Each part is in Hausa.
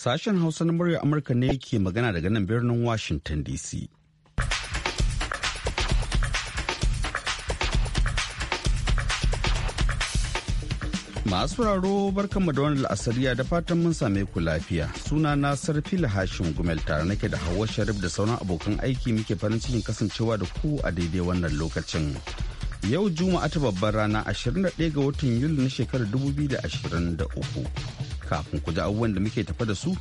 Sashen Hausa na murya Amurka ne ke magana daga nan birnin Washington DC. Masu sauraro barkanmu da wani la'asariya da fatan mun same ku lafiya. Suna na sarfi Hashim Gumel tare nake da Hauwa Sharif da sauran abokan aiki muke farin cikin kasancewa da ku a daidai wannan lokacin. Yau Juma'a ta babbar rana 21 ga watan Yuli na shekarar 2023. kafin ku ji abubuwan da muke tafa da su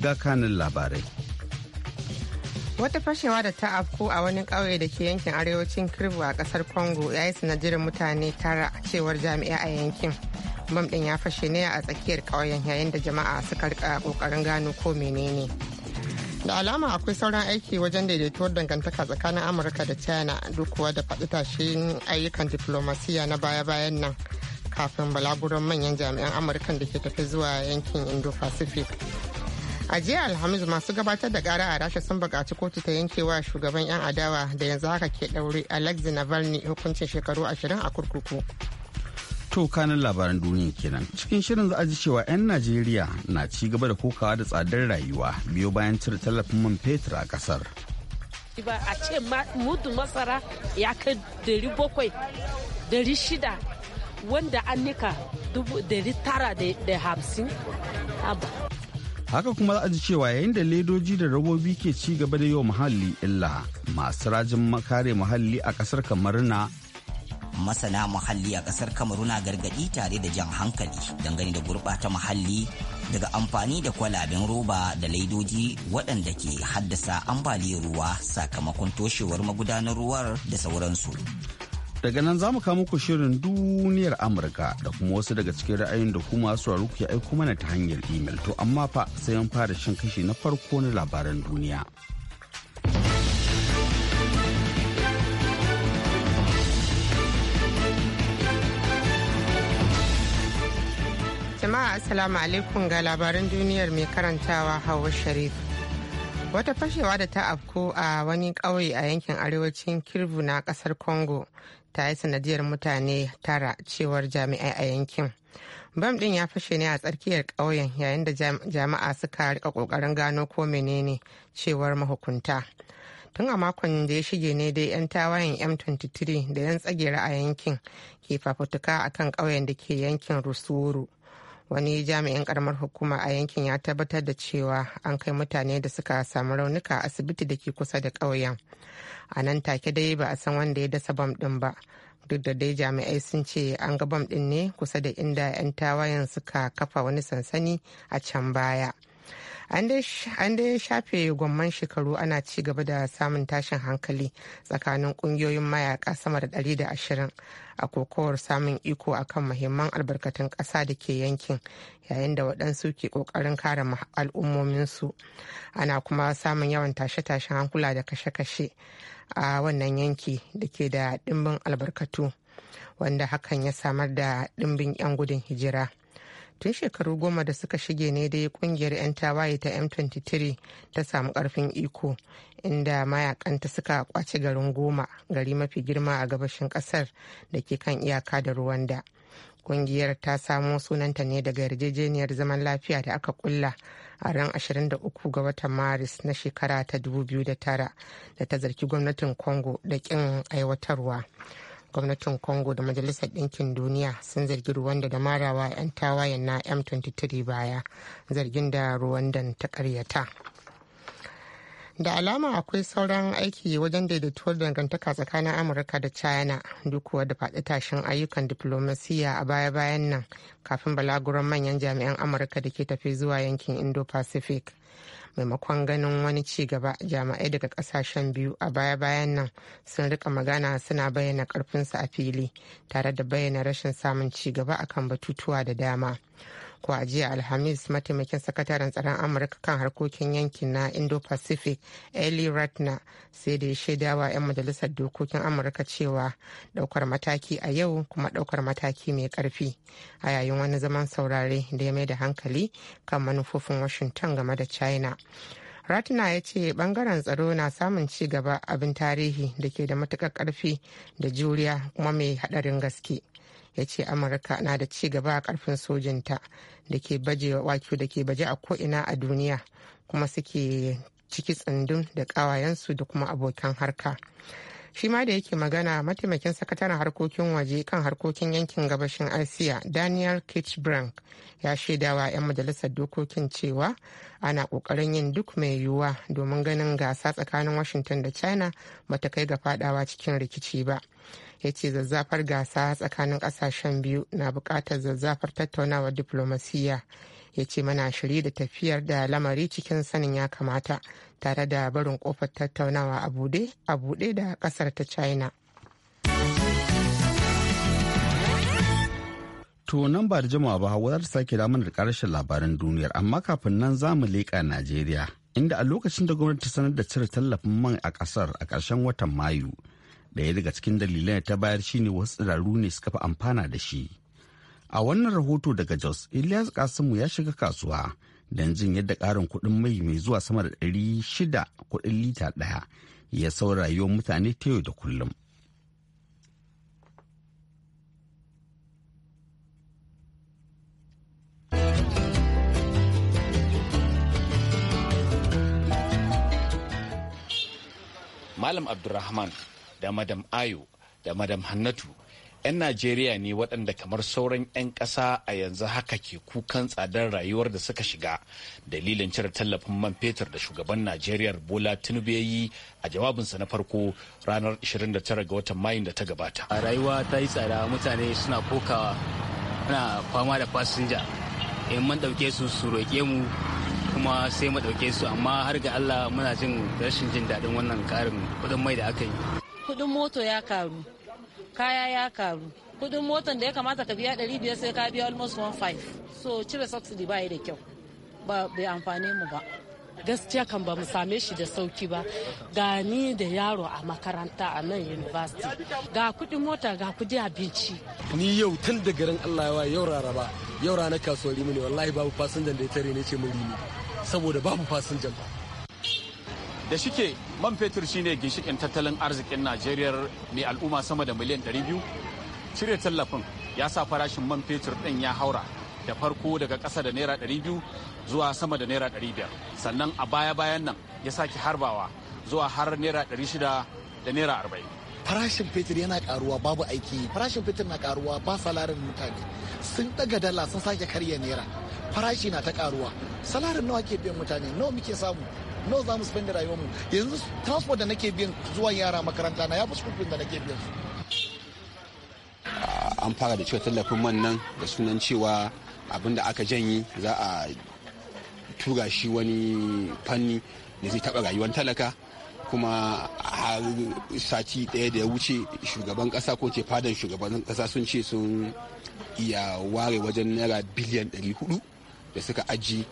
ga kanin labarai. Wata fashewa da ta afku a wani ƙauye da ke yankin arewacin Kirbu a ƙasar Congo ya yi sanadirin mutane tara cewar jami'a a yankin. Bam ɗin ya fashe ne a tsakiyar ƙauyen yayin da jama'a suka rika ƙoƙarin gano ko menene. Da alama akwai sauran aiki wajen daidaituwar dangantaka tsakanin Amurka da China duk kuwa da faɗi tashin ayyukan diflomasiya na baya-bayan nan. kafin balaguron manyan jami'an amurkan da ke tafi zuwa yankin indo-pacific a jiya alhamis masu gabatar da kara a rasha sun bukaci kotu ta yankewa shugaban 'yan adawa da yanzu haka ke ɗauri alexi navalny hukuncin shekaru ashirin a kurkuku to kanin labaran duniya kenan cikin shirin za a ji cewa 'yan najeriya na ci gaba da kokawa da tsadar rayuwa biyo bayan cire tallafin man fetur a kasar a ce mudu masara ya kai dari bakwai wanda an nika tara da hamsin haka kuma za'a ji cewa yayin da ledoji da robobi ke ci gaba da yau muhalli illa masu rajin makare muhalli a kasar kamaruna masana muhalli a kasar kamaruna gargadi tare da jan hankali dangane da gurbata muhalli daga amfani da kwalaben roba da laidoji waɗanda ke haddasa ambaliyar ruwa sakamakon toshewar magudanar ruwar da sauransu daga nan za mu kama muku shirin duniyar amurka da kuma wasu daga cikin ra'ayin da kuma su ke aiko mana ta hanyar imel to amma fa sai an fara shan kashi na farko na labaran duniya jama'a assalamu alaikum ga labaran duniyar mai karantawa hawa sharif wata fashewa da ta afko a wani ƙauye a yankin arewacin kirbu na ƙasar congo ta yi sanadiyar mutane tara cewar jami'ai a yankin bam din ya fashe ne a tsarkiyar ƙauyen yayin da jama'a suka rika ƙoƙarin gano ko menene cewar mahukunta tun a makon da ya shige ne dai 'yan tawayen m23 da 'yan tsagera a yankin ke fafutuka akan ƙauyen da ke yankin rusuru wani jami'in karamar hukuma a yankin ya tabbatar da cewa an kai mutane da suka samu raunuka a asibiti da ke kusa da ƙauyen a nan take dai ba a san wanda ya dasa bam ɗin ba duk da dai jami'ai sun ce an ga bam ɗin ne kusa da inda 'yan tawayen suka kafa wani sansani a can baya. an dai shafe gwamman shekaru ana ci gaba da samun tashin hankali tsakanin kungiyoyin mayaka sama da 120 a kokowar samun iko akan muhimman albarkatun ƙasa da ke yankin yayin da waɗansu ke ƙoƙarin kare al'ummominsu ana kuma samun yawan tashe-tashen hankula da kashe-kashe a wannan yanki da ke da ɗimbin albarkatu wanda hakan ya samar da ɗimbin 'yan gudun hijira. tun shekaru goma da suka shige ne dai kungiyar 'yan tawaye ta m23 ta samu karfin iko inda mayakanta suka kwace garin goma gari mafi girma a gabashin kasar da ke kan iyaka da ruwanda kungiyar ta samo sunanta ne daga yarjejeniyar zaman lafiya da aka kulla a ran 23 ga watan maris na shekara ta 2009 da ta zargi gwamnatin congo da kin aiwatarwa gwamnatin congo da majalisar ɗinkin duniya sun zargi ruwanda da marawa 'yan tawayen na m23 baya zargin da ruwandan ta karyata da alama akwai sauran aiki wajen daidaituwar dangantaka tsakanin amurka da china duk kuwa da faɗi tashin ayyukan diplomasiya a baya-bayan nan kafin balaguran manyan jami'an amurka da ke tafi zuwa yankin indo-pacific maimakon ganin wani ci gaba jami'ai daga kasashen biyu a baya-bayan nan sun rika magana suna bayyana karfinsu a fili tare da bayyana rashin samun ci gaba akan batutuwa da dama ko a jiya alhamis mataimakin sakataren tsaron amurka kan harkokin yankin na indo-pacific eli ratner sai da ya shaidawa 'yan majalisar dokokin amurka cewa daukar mataki a yau kuma daukar mataki mai karfi a yayin wani zaman saurare da ya mai da hankali kan manufofin washington game da china ratna ya ce bangaren tsaro na samun ci gaba abin tarihi da ke da matukar karfi da juriya kuma mai haɗarin gaske ya ce amurka na da ci gaba a karfin sojinta da ke baje wakiyo da ke baje a ko'ina a duniya kuma suke ciki tsundum da kawayensu da kuma abokan harka shi ma da yake magana mataimakin sakataren harkokin waje kan harkokin yankin gabashin asiya daniel kitchbrank ya shaidawa 'yan majalisar dokokin cewa ana kokarin yin duk mai yiwuwa domin ganin gasa tsakanin washington da china bata kai ga fadawa cikin rikici ba ya ce zazzafar gasa tsakanin kasashen biyu na bukatar zazzafar tattaunawa diflomasiyya ya ce mana shirye da tafiyar da lamari cikin sanin ya kamata tare da barin kofar tattaunawa a bude a bude da kasar ta china To nan ba da jimawa ba hawa za sake da da karshen labaran duniyar amma kafin nan za mu leƙa Najeriya inda a lokacin da gwamnati ta sanar da cire tallafin man a kasar a ƙarshen watan Mayu Daya daga cikin dalilan ta bayar shine wasu tsiraru ne suka fi amfana da shi. A wannan rahoto daga Jos, Ilyas Kasimu ya shiga kasuwa don jin yadda karin kudin mai mai zuwa sama da ɗari shida kudin lita ɗaya ya saura rayuwar mutane ta yau da kullum. Malam Abdulrahman da madam ayo da madam hannatu 'yan najeriya ne waɗanda kamar sauran 'yan ƙasa a yanzu haka ke kukan tsadar rayuwar da suka shiga dalilin cire tallafin man fetur da shugaban najeriya bola tinubu yi a jawabinsa na farko ranar 29 ga watan mayun da ta gabata a rayuwa ta yi tsada mutane suna kokawa na fama da fasinja in eh, man ɗauke su su roƙe mu kuma sai mu ɗauke su amma har ga allah muna jin rashin jin daɗin wannan karin kuɗin mai da aka yi kudin moto ya karu kaya ya karu kudin motan da ya kamata ka biya 500 sai ka biya almost 15 so cire subsidy ba da kyau ba bai amfane mu ba gaskiya kan ba mu same shi da sauki ba ga ni da yaro a makaranta a nan university ga kudin mota ga kudi abinci ni yau tun da garin allah ya yau raraba yau ranar kasuwar rimini wallahi babu fasinjan da ya tare ne ce mun limi, saboda babu fasinjan ba da shike man fetur shine ginshikin tattalin arzikin najeriya mai al'umma sama da miliyan 200 cire tallafin ya sa farashin man fetur ɗin ya haura da farko daga ƙasa da naira 200 zuwa sama da naira 500 sannan a baya-bayan nan ya sake harbawa zuwa har naira 600 da naira 40 farashin fetur yana karuwa babu aiki farashin fetur na karuwa ba salarin mutane sun daga dala sun sake karya naira farashi na ta karuwa salarin nawa ke biyan mutane nawa muke samu no za mu spend rayuwar mu yanzu transport da nake biyan zuwa yara makaranta na ya fi school da nake biyan an fara da cewa tallafin man nan da sunan cewa abin da aka janyi za a tura shi wani fanni da zai taɓa rayuwar talaka kuma har sati ɗaya da ya wuce shugaban kasa ko ce fadan shugaban kasa sun ce sun iya ware wajen naira biliyan 400 da suka aji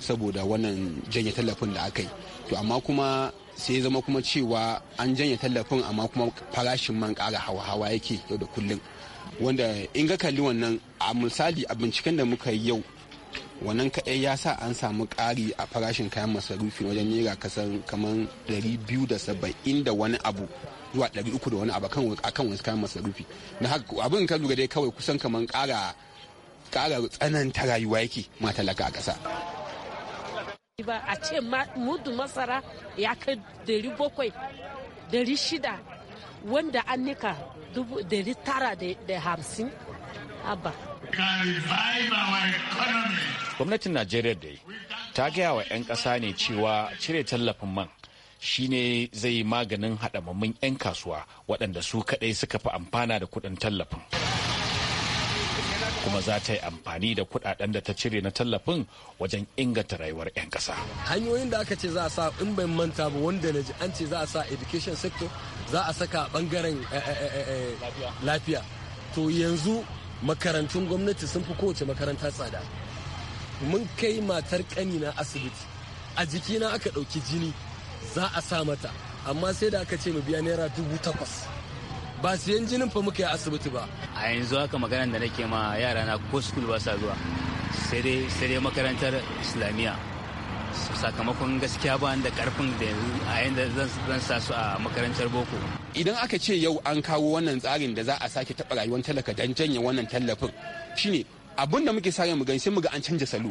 saboda wannan janye tallafin da aka yi to amma kuma sai zama kuma cewa an janye tallafin amma kuma farashin man kara hawa-hawa yake yau da kullum wanda in ga kalli wannan a misali a binciken da muka yi yau wannan kaɗai ya sa an samu ƙari a farashin kayan masarufi wajen nera kasan kamar 270 da wani abu zuwa 300 da wani abu akan wasu kayan masarufi na haka abin ka lura dai kawai kusan kamar ƙara ƙara tsananta rayuwa yake talaka a ƙasa ba a ce mudu masara ya kai dari bakwai dari shida wanda an nika dari tara da hamsin abba gwamnatin najeriya dai ta gaya wa 'yan ƙasa ne cewa cire tallafin man shine zai maganin haɗamammun 'yan kasuwa waɗanda su kaɗai suka fi amfana da kuɗin tallafin kuma za ta yi amfani da kudaden da ta cire na tallafin wajen inganta rayuwar 'yan kasa. hanyoyin da aka ce za a sa in ban manta ba wanda na ji an ce za a sa education sector za a saka bangaren eh, eh, eh, lafiya to yanzu makarantun gwamnati sun fi kowace makaranta tsada mun kai matar kanina asibiti a jikina aka ɗauki jini za a sa mata amma sai da aka ce mu biya naira dubu takwas ba siyan jinin fa muka yi asibiti ba a yanzu haka maganar da nake ma yara na ko school ba sa zuwa sai dai makarantar islamiyya sakamakon gaskiya ba da karfin da yanzu a yanda zan sa su a makarantar boko idan aka ce yau an kawo wannan tsarin da za a sake taba rayuwar talaka dan janye wannan tallafin shine abin da muke sa mu gani sai mu ga an canja salo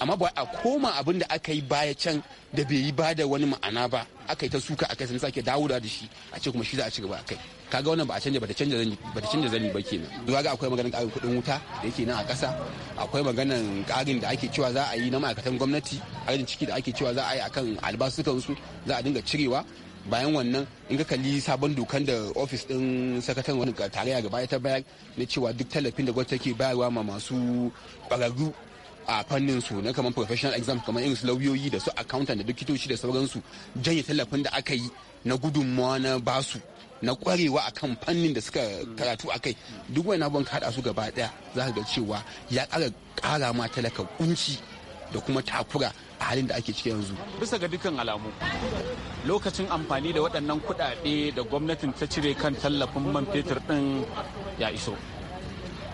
amma ba a koma abin da aka yi baya can da bai yi bada wani ma'ana ba aka yi ta suka aka sun sake dawo da shi a ce kuma shi za a ci gaba kai kaga wannan ba a canja ba ta zani canja zani ba kenan zuwa ga akwai maganar ƙarin kuɗin wuta da yake nan a ƙasa akwai maganar ƙarin da ake cewa za a yi na ma'aikatan gwamnati ƙarin ciki da ake cewa za a yi akan albasukansu za a dinga cirewa bayan wannan in ka kalli sabon dokan da ofis din sakatan wani tarayya gaba ta bayar na cewa duk tallafin da gwamnati take bayarwa ma masu ƙwararru a fannin su na kamar professional exam kamar irin su lauyoyi da su accountant da likitoci da sauransu janye tallafin da aka yi na gudunmawa na basu na kwarewa akan fannin da suka karatu a kai duk wani abin ka hada su gaba ɗaya za ga cewa ya kara kara ma talaka kunci da kuma takura a halin da ake ciki yanzu. Bisa ga dukkan alamu, lokacin amfani da waɗannan kuɗaɗe da gwamnatin ta cire kan tallafin man fetur ɗin ya iso.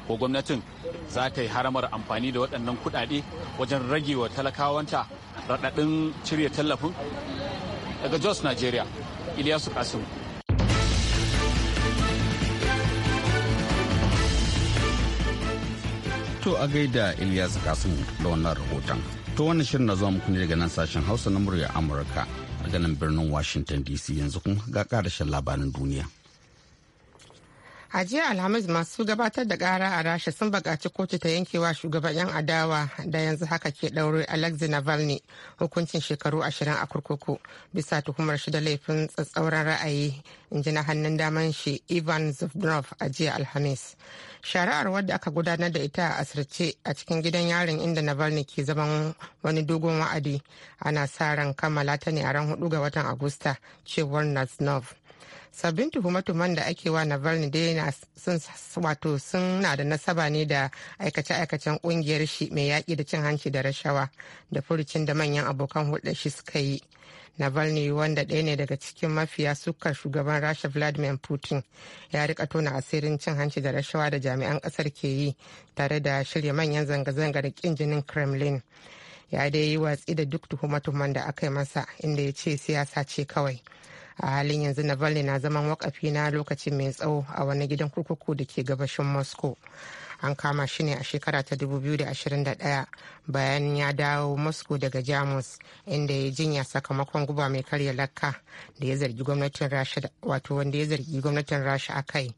ko gwamnatin za ta yi haramar amfani da waɗannan kuɗaɗe wajen rage wa talakawanta raɗaɗin cire tallafin daga jos nigeria iliyasu kasim to a gaida iliyasu kasim da wannan rahoton to wannan shirin na zuwa muku ne daga nan sashen hausa na murya amurka daga nan birnin washington dc yanzu kuma ga ƙarashin labaran duniya a jiya alhamis masu gabatar da kara a rasha sun bukaci kotu ta yankewa shugaban yan adawa da yanzu haka ke ɗaure alexei navalny hukuncin shekaru ashirin a kurkuku bisa tuhumar shi da laifin tsatsauran ra'ayi in ji na hannun daman shi ivan zubnov a jiya alhamis shari'ar wadda aka gudanar da ita a asirce a cikin gidan yarin inda navalny ke zaman wani dogon wa'adi ana sa ran kammala ta ne a ran hudu ga watan agusta cewar naznov sabbin tuhume da ake wa Navalny dai sun wato suna da nasaba ne da aikace-aikacen kungiyar shi mai yaƙi da cin hanci da rashawa da furucin da manyan abokan hulɗar shi suka yi. Navalny wanda ɗaya ne daga cikin mafiya sukar shugaban Rasha Vladimir Putin ya rika tona asirin cin hanci da rashawa da jami'an ƙasar ke yi tare da shirya manyan zanga-zanga da ƙin jinin Kremlin. Ya dai yi watsi da duk tuhume da aka yi masa inda ya ce siyasa ce kawai. a halin yanzu navalny na zaman wakafi na lokaci mai tsawo a wani gidan kurkuku da ke gabashin moscow an kama shi ne a shekara ta 2021 bayan ya dawo moscow daga jamus inda ya jinya sakamakon guba mai karya lakka da ya zargi gwamnatin rasha wato wanda ya zargi gwamnatin rasha a kai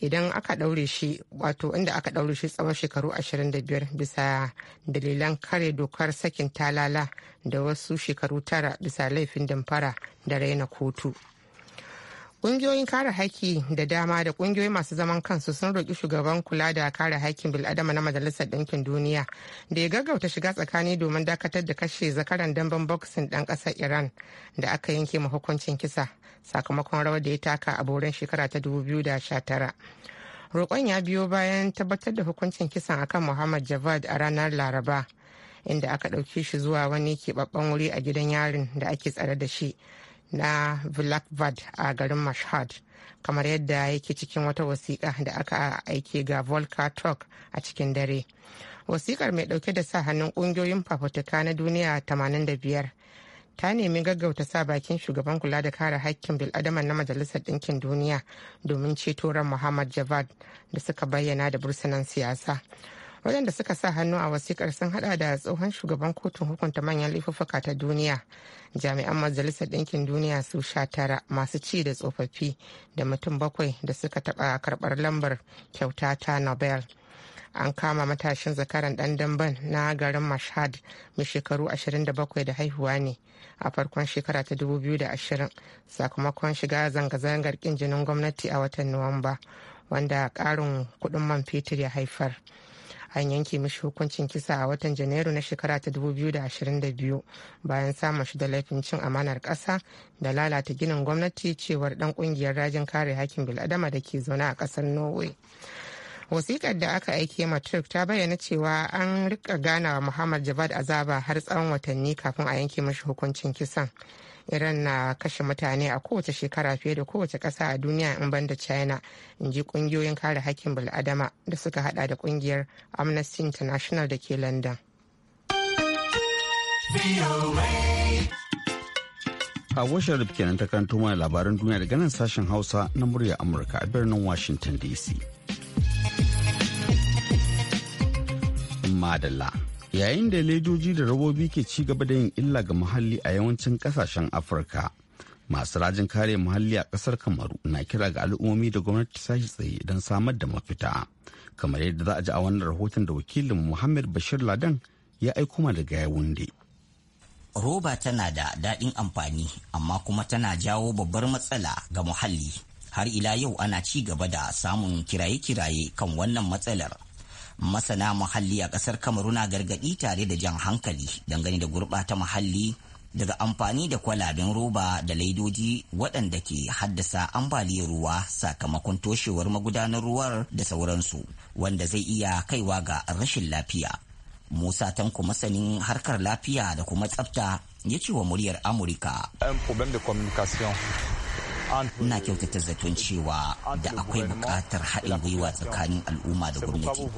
idan aka ɗaure shi wato inda aka ɗaure shi tsawon shekaru 25 bisa dalilan kare dokar sakin talala da wasu shekaru tara bisa laifin damfara da raina kotu. kungiyoyin kare haƙƙi da dama da ƙungiyoyi masu zaman kansu sun roƙi shugaban kula da kare haƙƙin bil'adama na Majalisar Ɗinkin Duniya da ya gaggauta shiga tsakani domin dakatar da kashe zakaran damben boksin ɗan ƙasar Iran da aka yanke ma hukuncin kisa sakamakon rawar da ya taka a boren shekara ta 2019. Roƙon ya biyo bayan tabbatar da hukuncin kisan akan Muhammad Javad a ranar Laraba. inda aka ɗauke shi zuwa wani keɓaɓɓen wuri a gidan yarin da ake tsare da shi na blackbird a garin mashhad kamar yadda yake cikin wata wasiƙa da aka aike ga volka talk a cikin dare wasiƙar mai ɗauke da sa hannun ƙungiyoyin fafutuka na duniya 85 ta nemi gaggauta sa bakin shugaban kula da kare haƙƙin bil'adama na majalisar ɗinkin duniya domin ceto ran muhammad javad da suka bayyana da bursunan siyasa waɗanda suka sa hannu a wasikar sun hada da tsohon shugaban kotun hukunta manyan laifuka ta duniya jami'an majalisar ɗinkin duniya su sha tara masu ci da tsofaffi da mutum bakwai da suka taɓa karɓar lambar kyauta ta nobel an kama matashin zakaran ɗan damben na garin mashhad mai shekaru 27 da haihuwa ne a farkon shekara ta 2020 sakamakon shiga zanga-zangar ƙin jinin gwamnati a watan nuwamba wanda ƙarin kudin man fetur ya haifar an yanke mishi hukuncin kisa a watan janairu na shekara ta 2022 bayan samun shi da laifin cin amanar ƙasa da lalata ginin gwamnati cewar dan kungiyar rajin kare hakkin bil'adama da ke zaune a ƙasar norway wasikar da aka aike ma turk ta bayyana cewa an rika ganawa muhammad javad azaba har tsawon watanni kafin a yanke mashi hukuncin kisan iran na kashe mutane a kowace shekara fiye da kowace ƙasa a duniya in banda china in ji ƙungiyoyin kare hakkin bil'adama da suka hada da ƙungiyar amnesty international da ke london Hawa Sharif kenan ta kanto mana labaran duniya daga nan sashen Hausa na murya Amurka a birnin Washington DC. Madalla. yayin da ledoji da robobi ke ci gaba da yin illa ga muhalli a yawancin kasashen afirka masu rajin kare muhalli a kasar kamaru na kira ga al'ummomi da gwamnati sashi tsaye don samar da mafita kamar yadda za a ji a wannan rahoton da wakilin muhammad bashir ladan ya aiko ma daga wunde. roba tana da daɗin amfani amma kuma tana jawo babbar matsala ga muhalli har ila yau ana ci gaba da samun kiraye-kiraye kan wannan matsalar masana muhalli a kasar na gargadi tare da jan hankali dangane da gurɓata muhalli daga amfani da kwalaben roba da laidoji waɗanda ke haddasa ambaliyar ruwa sakamakon toshewar magudanar ruwar da sauransu wanda zai iya kaiwa ga rashin lafiya musa tanko masanin harkar lafiya da kuma tsafta ya ce wa muryar amurka ina kyautata zaton cewa da akwai buƙatar haɗin gwiwa tsakanin al'umma da gwamnati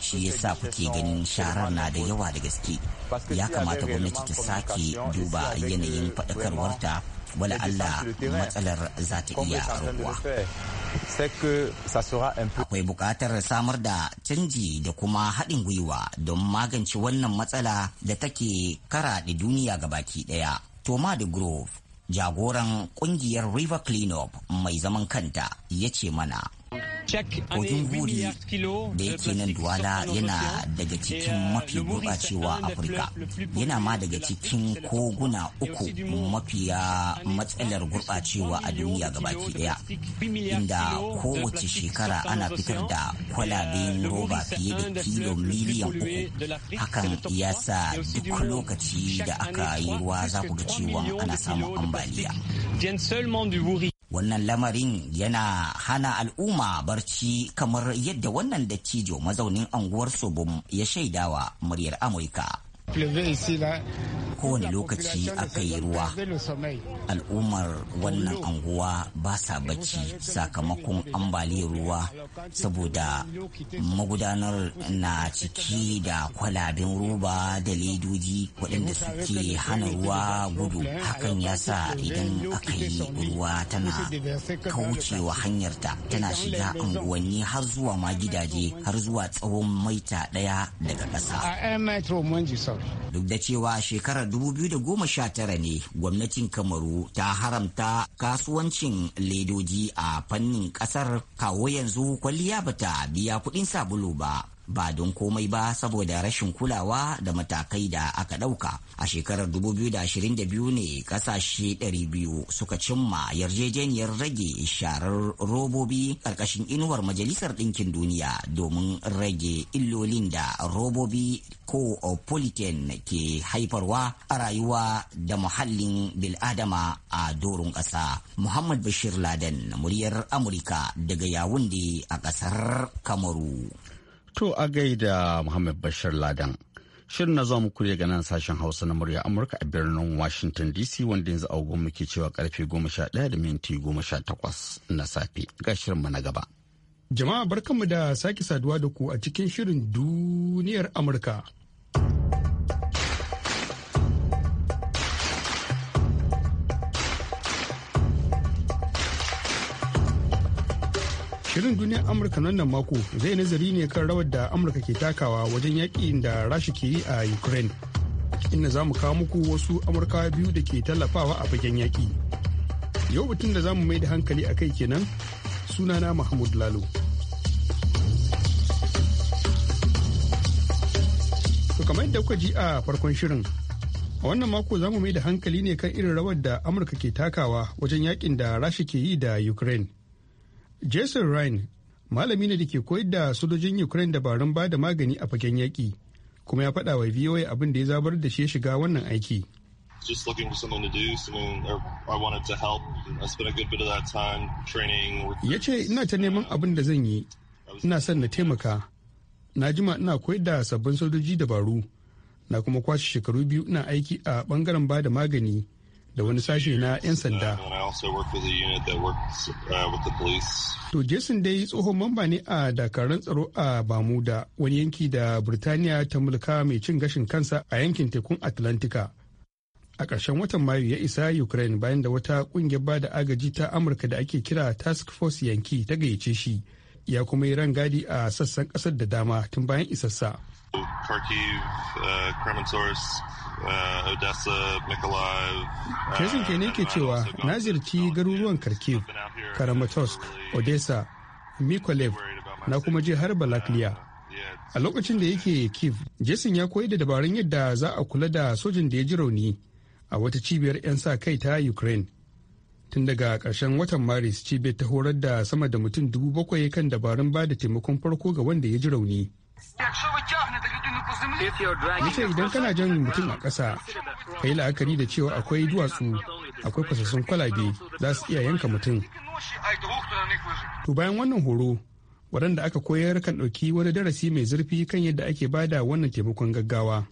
shi yasa kuke ganin sharar na da yawa da gaske ya kamata gwamnati ta sake duba yanayin faɗakarwarta wala Allah matsalar za ta iya raguwa. Akwai buƙatar samar da canji da kuma haɗin gwiwa don magance wannan matsala da take karaɗe duniya gabaki ɗaya. Toma de Grove jagoran kungiyar river cleanup mai zaman kanta ya ce mana Odumburi da yake nan Duwala yana daga cikin mafi gurɓacewa Afirka. Yana ma daga cikin koguna uku mafiya matsalar gurɓacewa a duniya gabaki ɗaya. Inda kowace shekara ana fitar da kwalaben roba fiye da kilo miliyan uku. Hakan ya sa duk lokaci da aka yi ruwa za ku ga cewa ana samun ambaliya. wannan lamarin yana hana al'umma barci kamar yadda wannan dattijo mazaunin anguwar sobom ya shaidawa muryar amurka kowane lokaci aka yi ruwa al'ummar wannan anguwa ba sa bacci sakamakon ambaliyar ruwa saboda magudanar na ciki da kwalaben roba da ledoji waɗanda suke hana ruwa gudu hakan ya sa idan aka yi ruwa tana kaucewa hanyarta tana shiga unguwanni har zuwa ma gidaje har zuwa tsawon maita ɗaya daga ƙasa duk da cewa shekarar 2019 ne gwamnatin Kamaru ta haramta kasuwancin ledoji a fannin kasar kawo yanzu kwalliya bata biya kuɗin sabulu ba. ba don komai ba saboda rashin kulawa da matakai da aka ɗauka. A shekarar 2022 ne ƙasashe 200 suka cimma yarjejeniyar rage sharar robobi ƙarƙashin inuwar Majalisar Ɗinkin Duniya domin rage illolin da robobi ko politin ke haifarwa a rayuwa da muhallin bil'adama a doron ƙasa. Muhammad Bashir Laden, muryar Amurka daga Yawunde a ƙasar Kamaru. To a gaida Muhammad Bashir Ladan. Shirin na zuwa muku daga nan sashen Hausa na murya Amurka a birnin Washington DC wanda yanzu agogon muke cewa karfe 11 da minti 18 na safe ga mu na gaba. Jama'a barkanmu da sake saduwa da ku a cikin shirin duniyar Amurka. Shirin duniyar Amurka nan nan mako zai nazari ne kan rawar da Amurka ke takawa wajen yaƙi da Rasha ke yi a Ukraine. Inda za mu kawo muku wasu Amurkawa biyu da ke tallafawa a fagen yaƙi. Yau batun da za mu mai da hankali a kai kenan sunana Mahmud Lalo. To kamar yadda kuka ji a farkon shirin a wannan mako za mu mai da hankali ne kan irin rawar da amurka ke takawa wajen yakin da rasha ke yi da ukraine jason ryan malami ne da ke koyar da sojojin ukraine dabarun ba da magani a fagen yaƙi kuma ya faɗa wa voa abin da ya zabar da shi shiga wannan aiki just looking for something to do, something I wanted to help. I spent a good bit of that time training. Ya ce ina ta neman abin da zan yi, ina son na taimaka. Na jima ina koyar da sabbin sojoji dabaru, na kuma kwashe shekaru biyu ina aiki a bangaren bada magani da wani sashe na 'yan sanda. Uh, to Jason dai tsohon mamba ne a dakarun tsaro a Bamuda wani yanki da Birtaniya ta mulka mai cin gashin kansa a yankin tekun Atlantika. A ƙarshen watan Mayu ya isa Ukraine bayan da wata ƙungiyar ba da agaji ta Amurka da ake kira Task Force Yanki ta gayyace shi. Ya kuma yi rangadi a sassan ƙasar da dama tun bayan isassa. Kharkiv, uh, Kremensorsk, uh, Odessa, uh, ke cewa na garuruwan Kharkiv, Karamatorsk, Odessa, Mykolaiv, na kuma je har uh, Balaklia. A lokacin da yake Kiev, Jason ya koyi da dabarun yadda za a kula da sojin da ya ji rauni a wata cibiyar 'yan sa kai ta Ukraine. Tun daga ƙarshen watan Maris, cibiyar ta horar da sama da mutum dubu bakwai kan dabarun ba da taimakon farko ga wanda ya ji rauni. ce idan kana jan mutum a ƙasa ka yi la'akari da cewa akwai duwatsu akwai fasassun kwalabe za su iya yanka mutum to bayan wannan horo waɗanda aka koyar kan ɗauki wani darasi mai zurfi kan yadda ake bada wannan taimakon gaggawa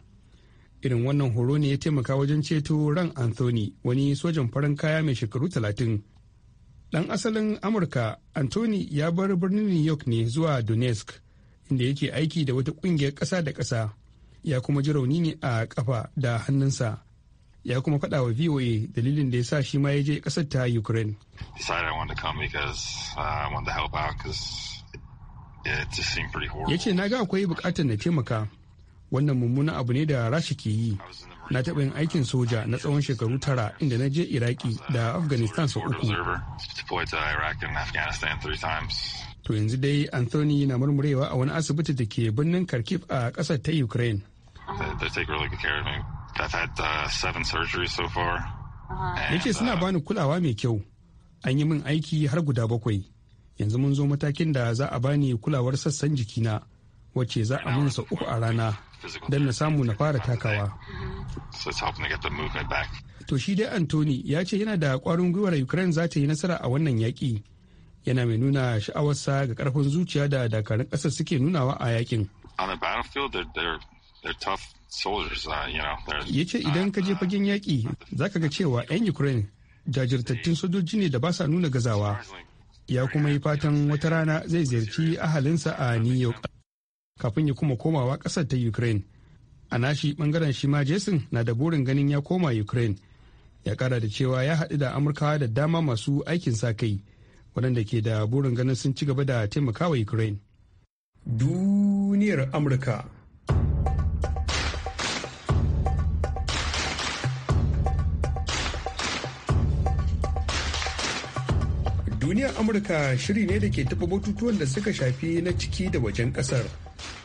irin wannan horo ne ya taimaka wajen ceto ran anthony wani sojan farin kaya mai shekaru talatin ɗan asalin amurka anthony ya bar birnin new york ne zuwa donetsk inda yake aiki da wata kungiyar ƙasa da ƙasa ya kuma ji rauni ne a kafa da hannunsa ya kuma faɗa wa voa dalilin da ya sa shi ma ya je ƙasar ta ukraine uh, ya ce na ga akwai buƙatar na taimaka wannan mummuna abu ne da rashi ke yi na taɓa yin aikin soja na tsawon shekaru tara inda na je iraki da afghanistan sau uku to yanzu dai anthony na murmurewa a wani asibiti da ke birnin kharkiv a ƙasar ta ukraine uh, yace suna uh, bani kulawa mai kyau an yi min aiki har guda bakwai yanzu mun zo matakin da za a bani kulawar sassan jikina wacce za a sa uku a rana don na samu na fara takawa. To shi dai Anthony ya ce yana da kwarin gwiwar Ukraine za ta yi nasara a wannan yaƙi yana mai nuna sha'awarsa ga karfin zuciya da dakarun ƙasar suke nunawa a yakin. Uh, ya ce idan ka je fagen yaƙi za ka ga cewa 'yan Ukraine jajirtattun sojoji ne da ba sa nuna gazawa. Ya kuma yi fatan wata rana zai ziyarci ahalinsa a New York kafin ya kuma komawa ƙasar ta Ukraine. A nashi bangaren shima ma Jason na da burin ganin ya koma Ukraine. Ya kara da cewa ya haɗu da Amurkawa da dama masu aikin sa kai. waɗanda ke da burin ganin sun ci gaba da taimakawa ukraine duniyar amurka duniyar amurka shiri ne da ke taɓa batutuwan da suka shafi na ciki da wajen ƙasar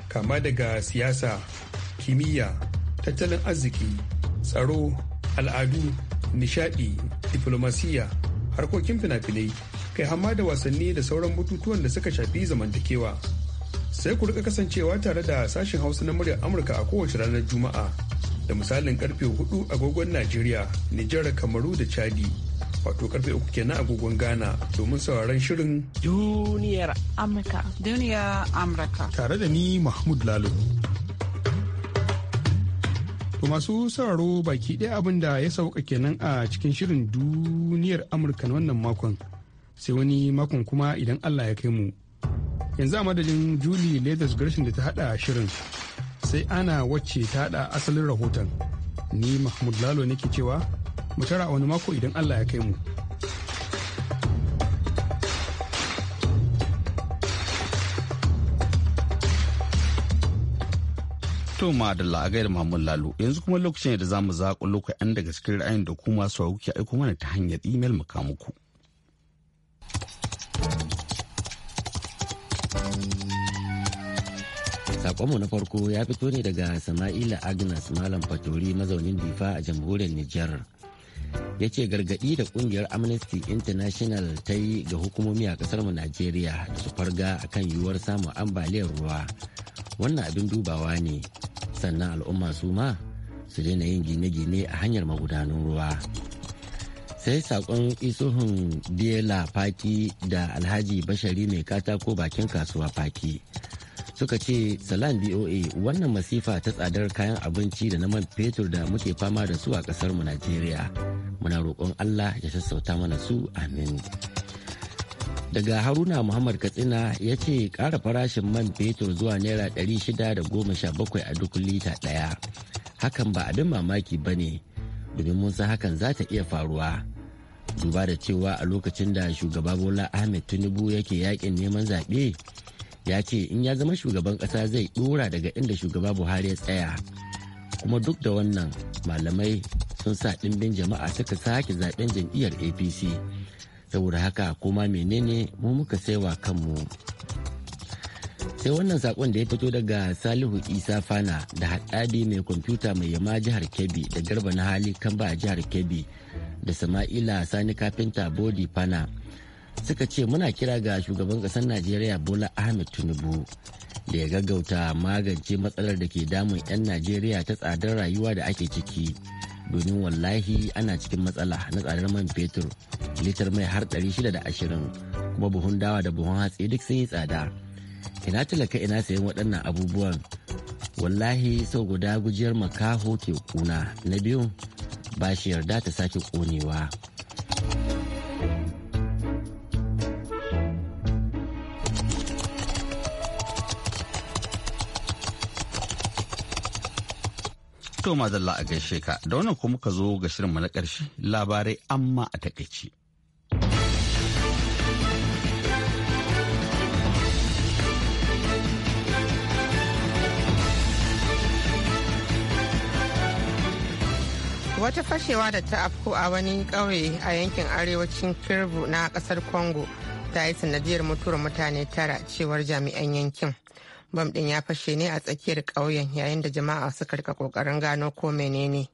kama daga siyasa kimiyya tattalin arziki tsaro al'adu nishadi diplomasiya harkokin fina-finai kai hama da wasanni da sauran bututuwan da suka shafi zamantakewa. Sai ku rika kasancewa tare da sashen Hausa na muryar Amurka a kowace ranar Juma'a da misalin karfe 4 agogon Najeriya, Nijar, Kamaru da Chadi. Wato karfe uku kenan agogon Ghana domin sauraron shirin Duniyar Amurka. Duniyar Amurka. Tare da ni Mahmud Lalo. To masu sauraro baki ɗaya abin da ya sauka kenan a cikin shirin duniyar Amurka na wannan makon. sai wani makon kuma idan allah ya kai mu yanzu a madadin julie leathers gershon da ta hada shirin sai ana wacce ta hada asalin rahoton ni mahmud lalo nake cewa mu tara wani mako idan allah ya kai mu to da a gaida Mahmud Lalo yanzu kuma lokacin da mu zaƙo lokaci daga cikin ra'ayin da kuma su kuke aiko mana ta hanyar imel mu Sakonmu na farko ya fito ne daga Sama'ila Agnes Malam Fatori mazaunin Difa a jamhuriyar Nijar. ya ce gargaɗi da ƙungiyar amnesty international ta yi ga hukumomi a ƙasar mu najeriya da su farga a kan yiwuwar samun ambaliyar ruwa wannan abin dubawa ne sannan al'umma su ma su daina yin gine-gine a hanyar magudanun ruwa sai saƙon isuhun bela faki da alhaji bashari mai katako bakin kasuwa faki suka ce salam boa wannan masifa ta tsadar kayan abinci da na man fetur da muke fama da su a kasar mu najeriya muna roƙon allah ya sassauta mana su amin daga haruna muhammad katsina ya ce ƙara farashin man fetur zuwa naira 617 a duk lita ɗaya hakan ba abin mamaki ba ne domin mun san hakan za ta iya faruwa duba da cewa a lokacin da shugaba bola ahmed tinubu yake yakin neman zaɓe ya ce in ya zama shugaban kasa zai ɗora daga inda shugaba buhari ya tsaya kuma duk da wannan malamai sun sa ɗimbin jama'a suka sake zaben jam'iyyar apc saboda haka kuma menene mu muka saiwa kanmu sai wannan sakon da ya fito daga salihu isa fana da haɗadi mai kwamfuta mai yama jihar kebbi da garba na hali kan ba jihar kebbi da sama'ila sani kafinta bodi fana suka ce muna kira ga shugaban kasar najeriya bola ahmed tinubu da ya gaggauta magance matsalar da ke damun 'yan najeriya ta tsadar rayuwa da ake ciki domin wallahi ana cikin matsala na tsadar man fetur litar mai har 620 kuma buhun dawa da buhun hatsi duk sun yi tsada ina talaka ina sayan waɗannan abubuwan wallahi sau guda gujiyar makaho ke kuna na biyu ba shi yarda ta sake konewa ma zalla a gaishe ka da wannan kuma muka zo ga shirinmu na ƙarshe labarai amma a takaici. Wata fashewa da ta afko a wani ƙauye a yankin arewacin Kirbu na ƙasar kongo ta yi sanadiyar mutuwar mutane tara cewar jami'an yankin. bam din ya fashe ne a tsakiyar ƙauyen yayin da jama'a suka rika ƙoƙarin gano ko menene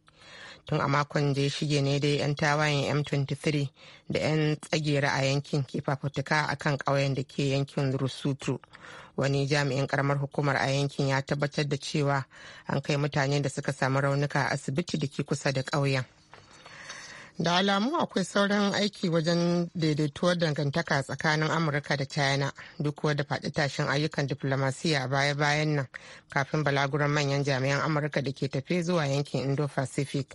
tun a makon da ya shige ne dai 'yan tawayen m23 da 'yan tsagera a yankin ke fafutuka a kan ƙauyen da ke yankin rusutu wani jami'in karamar hukumar a yankin ya tabbatar da cewa an kai mutane da suka samu raunuka a asibiti da ke kusa da ƙauyen da alamu akwai sauran aiki wajen daidaituwar dangantaka tsakanin amurka da china duk wadda faɗi tashin ayyukan diflomasiya a baya-bayan nan kafin balaguran manyan jami'an amurka da ke tafe zuwa yankin indo-pacific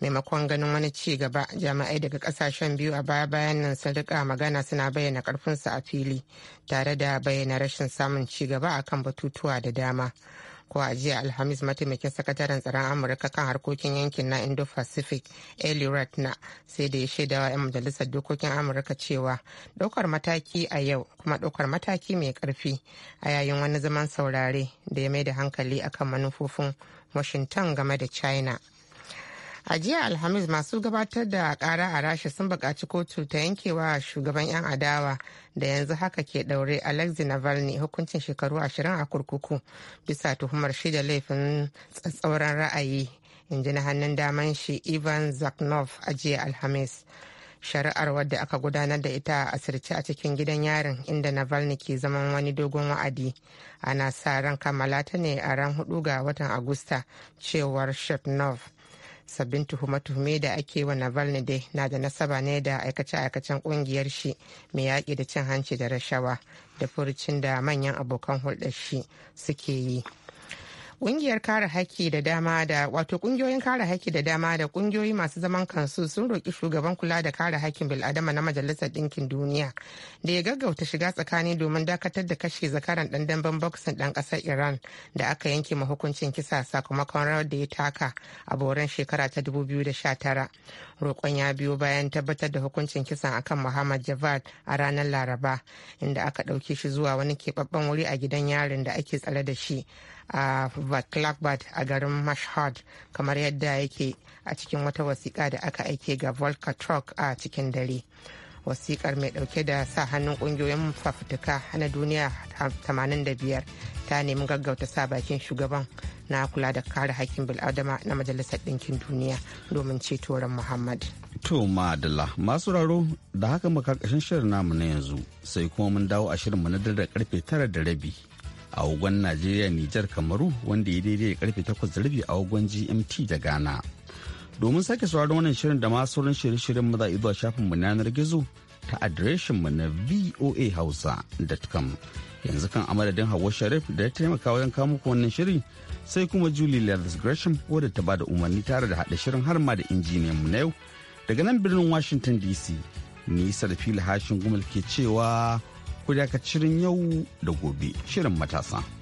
maimakon ganin wani ci gaba jami'ai daga kasashen biyu a baya-bayan nan sun rika magana suna bayyana karfinsu a fili tare da bayyana rashin samun ci gaba akan batutuwa da dama ko a jiya alhamis mataimakin sakataren tsaron amurka kan harkokin yankin na indo-pacific eli ratna sai da ya shaidawa 'yan majalisar dokokin amurka cewa ɗaukar mataki a yau kuma ɗaukar mataki mai karfi a yayin wani zaman saurare da ya mai da hankali akan manufofin washington game da china a jiya alhamis masu gabatar da kara a rasha sun bukaci kotu ta yankewa shugaban 'yan adawa da yanzu haka ke daure alexei navalny hukuncin shekaru ashirin a kurkuku bisa tuhumar shi da laifin tsatsauran ra'ayi in ji na hannun daman shi ivan zaknov a jiya alhamis shari'ar wadda aka gudanar da ita a asirce a cikin gidan yarin inda navalny ke zaman wani dogon wa'adi ana sa ran kammala ta ne a ran hudu ga watan agusta cewar shepnov sabbin tuhume-tuhume da ake wa navalny dai na da nasaba ne da aikace-aikacen kungiyar shi mai yaƙi da cin hanci da rashawa da furucin da manyan abokan hulɗar shi suke yi Ƙungiyar kare haƙƙi da dama da wato ƙungiyoyin kare haƙƙi da dama da kungiyoyi masu zaman kansu sun roƙi shugaban kula da kare haƙƙin bil'adama na Majalisar Ɗinkin Duniya da ya gaggauta shiga tsakani domin dakatar da kashe zakaran ɗan damben boksin ɗan ƙasar Iran da aka yanke ma hukuncin kisa sakamakon rawar da ya taka a boran shekara ta 2019. Roƙon ya biyo bayan tabbatar da hukuncin kisan akan Muhammad Javad a ranar Laraba inda aka ɗauke shi zuwa wani keɓaɓɓen wuri a gidan yarin da ake tsare da shi a Vaclavbad a garin Mashhad kamar yadda yake a cikin wata wasiƙa da aka aike ga Volker Truck a cikin dare. Wasiƙar mai ɗauke da sa hannun ƙungiyoyin fafutuka na duniya 85 ta nemi gaggauta sa bakin shugaban na kula da kare hakkin bil'adama na majalisar ɗinkin duniya domin ceto ran muhammad to madalla masu raro da haka muka ƙarshen shirin namu na yanzu sai kuma mun dawo a shirin mu na dare karfe tara da rabi a wagon najeriya nijar kamaru wanda ya daidai karfe 8 da rabi a wagon gmt da ghana domin sake sauraron wannan shirin da masu sauran shirye-shiryen maza zuwa shafinmu na yanar gizo ta adireshin mu na voahausa.com yanzu kan amadadin hawa sharif da ya taimaka wajen kawo maku wannan shirin. sai kuma julie Lewis gresham wadda ta bada umarni tare da haɗa shirin har ma da injiniyan mu na yau daga nan birnin washington dc ni sarfil hashin gumal ke cewa ku da ka cirin yau da gobe shirin matasa